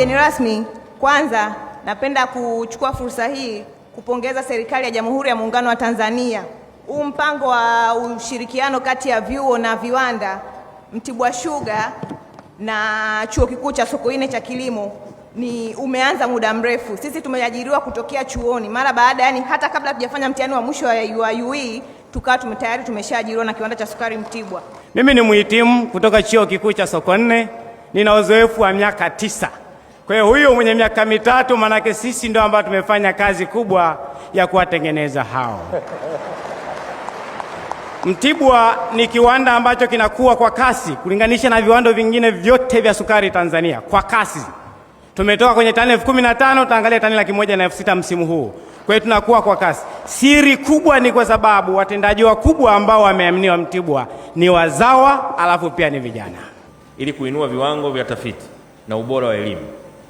mgeni rasmi, kwanza napenda kuchukua fursa hii kupongeza serikali ya Jamhuri ya Muungano wa Tanzania. Huu mpango wa ushirikiano kati ya vyuo na viwanda Mtibwa Sugar na Chuo Kikuu cha Sokoine cha Kilimo ni umeanza muda mrefu. Sisi tumeajiriwa kutokea chuoni mara baada, yani hata kabla tujafanya mtihani wa mwisho wa UE tukawa tayari tumeshaajiriwa na kiwanda cha sukari Mtibwa. Mimi ni muhitimu kutoka Chuo Kikuu cha Sokoine, nina uzoefu wa miaka tisa kwa hiyo huyu mwenye miaka mitatu, maanake sisi ndio ambao tumefanya kazi kubwa ya kuwatengeneza hao. Mtibwa ni kiwanda ambacho kinakuwa kwa kasi kulinganisha na viwanda vingine vyote vya sukari Tanzania, kwa kasi. Tumetoka kwenye tani elfu kumi na tano tutaangalia tani laki moja na elfu sita msimu huu. Kwa hiyo tunakuwa kwa kasi. Siri kubwa ni kwa sababu watendaji wakubwa ambao wameaminiwa Mtibwa ni wazawa, alafu pia ni vijana, ili kuinua viwango vya tafiti na ubora wa elimu.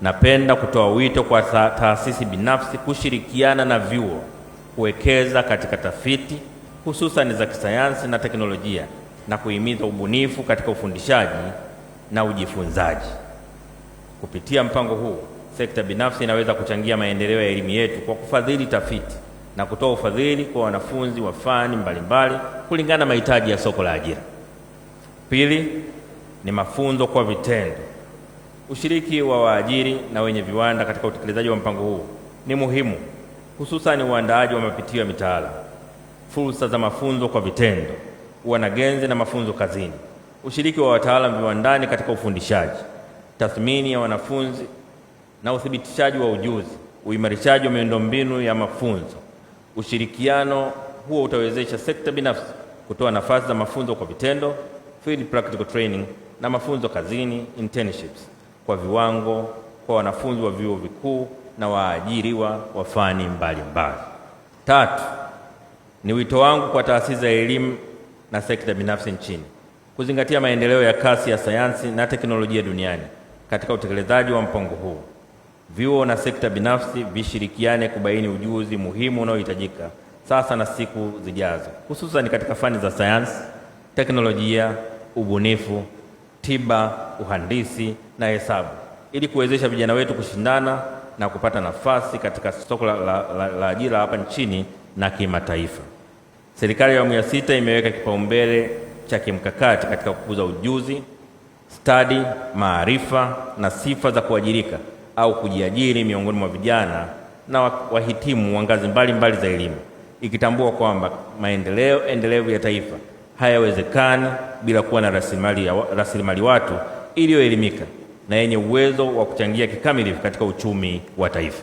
Napenda kutoa wito kwa taasisi binafsi kushirikiana na vyuo kuwekeza katika tafiti hususan za kisayansi na teknolojia na kuhimiza ubunifu katika ufundishaji na ujifunzaji. Kupitia mpango huu, sekta binafsi inaweza kuchangia maendeleo ya elimu yetu kwa kufadhili tafiti na kutoa ufadhili kwa wanafunzi wa fani mbalimbali kulingana na mahitaji ya soko la ajira. Pili ni mafunzo kwa vitendo. Ushiriki wa waajiri na wenye viwanda katika utekelezaji wa mpango huu ni muhimu, hususani uandaaji wa mapitio ya mitaala, fursa za mafunzo kwa vitendo, uwanagenzi na mafunzo kazini, ushiriki wa wataalamu viwandani katika ufundishaji, tathmini ya wanafunzi na uthibitishaji wa ujuzi, uimarishaji wa miundombinu ya mafunzo. Ushirikiano huo utawezesha sekta binafsi kutoa nafasi za mafunzo kwa vitendo, field practical training, na mafunzo kazini internships kwa viwango kwa wanafunzi wa vyuo vikuu na waajiriwa wa fani mbalimbali. Tatu, ni wito wangu kwa taasisi za elimu na sekta binafsi nchini kuzingatia maendeleo ya kasi ya sayansi na teknolojia duniani katika utekelezaji wa mpango huu. Vyuo na sekta binafsi vishirikiane kubaini ujuzi muhimu unaohitajika sasa na siku zijazo, hususani katika fani za sayansi, teknolojia, ubunifu tiba, uhandisi na hesabu ili kuwezesha vijana wetu kushindana na kupata nafasi katika soko la, la, la, la ajira hapa nchini na kimataifa. Serikali ya awamu ya sita imeweka kipaumbele cha kimkakati katika kukuza ujuzi, stadi, maarifa na sifa za kuajirika au kujiajiri miongoni mwa vijana na wahitimu wa ngazi mbalimbali za elimu, ikitambua kwamba maendeleo endelevu ya taifa hayawezekani bila kuwa na rasilimali watu iliyoelimika na yenye uwezo wa kuchangia kikamilifu katika uchumi wa taifa.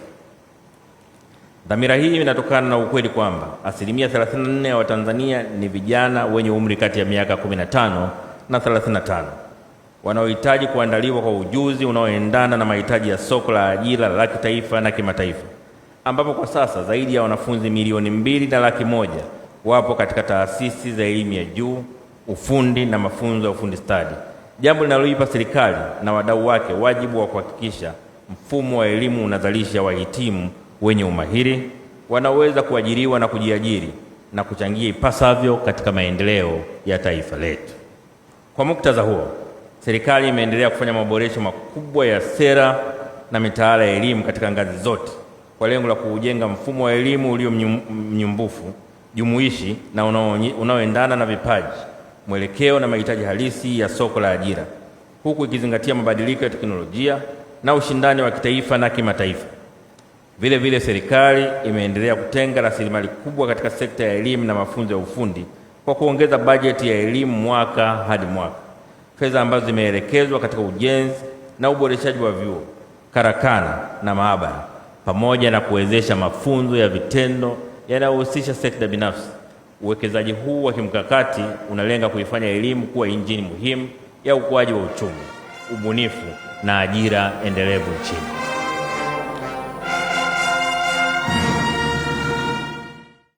Dhamira hii inatokana na ukweli kwamba asilimia 34 ya Watanzania ni vijana wenye umri kati ya miaka 15 na 35 wanaohitaji kuandaliwa kwa ujuzi unaoendana na mahitaji ya soko la ajira la kitaifa na kimataifa, ambapo kwa sasa zaidi ya wanafunzi milioni mbili na laki moja wapo katika taasisi za elimu ya juu, ufundi na mafunzo ya ufundi stadi, jambo linaloipa serikali na wadau wake wajibu wa kuhakikisha mfumo wa elimu unazalisha wahitimu wenye umahiri wanaoweza kuajiriwa na kujiajiri na kuchangia ipasavyo katika maendeleo ya taifa letu. Kwa muktadha huo, serikali imeendelea kufanya maboresho makubwa ya sera na mitaala ya elimu katika ngazi zote kwa lengo la kuujenga mfumo wa elimu ulio mnyumbufu jumuishi na unaoendana na vipaji, mwelekeo na mahitaji halisi ya soko la ajira, huku ikizingatia mabadiliko ya teknolojia na ushindani wa kitaifa na kimataifa. Vile vile, serikali imeendelea kutenga rasilimali kubwa katika sekta ya elimu na mafunzo ya ufundi kwa kuongeza bajeti ya elimu mwaka hadi mwaka, fedha ambazo zimeelekezwa katika ujenzi na uboreshaji wa vyuo, karakana na maabara pamoja na kuwezesha mafunzo ya vitendo yanayohusisha sekta binafsi. Uwekezaji huu wa kimkakati unalenga kuifanya elimu kuwa injini muhimu ya ukuaji wa uchumi, ubunifu na ajira endelevu nchini.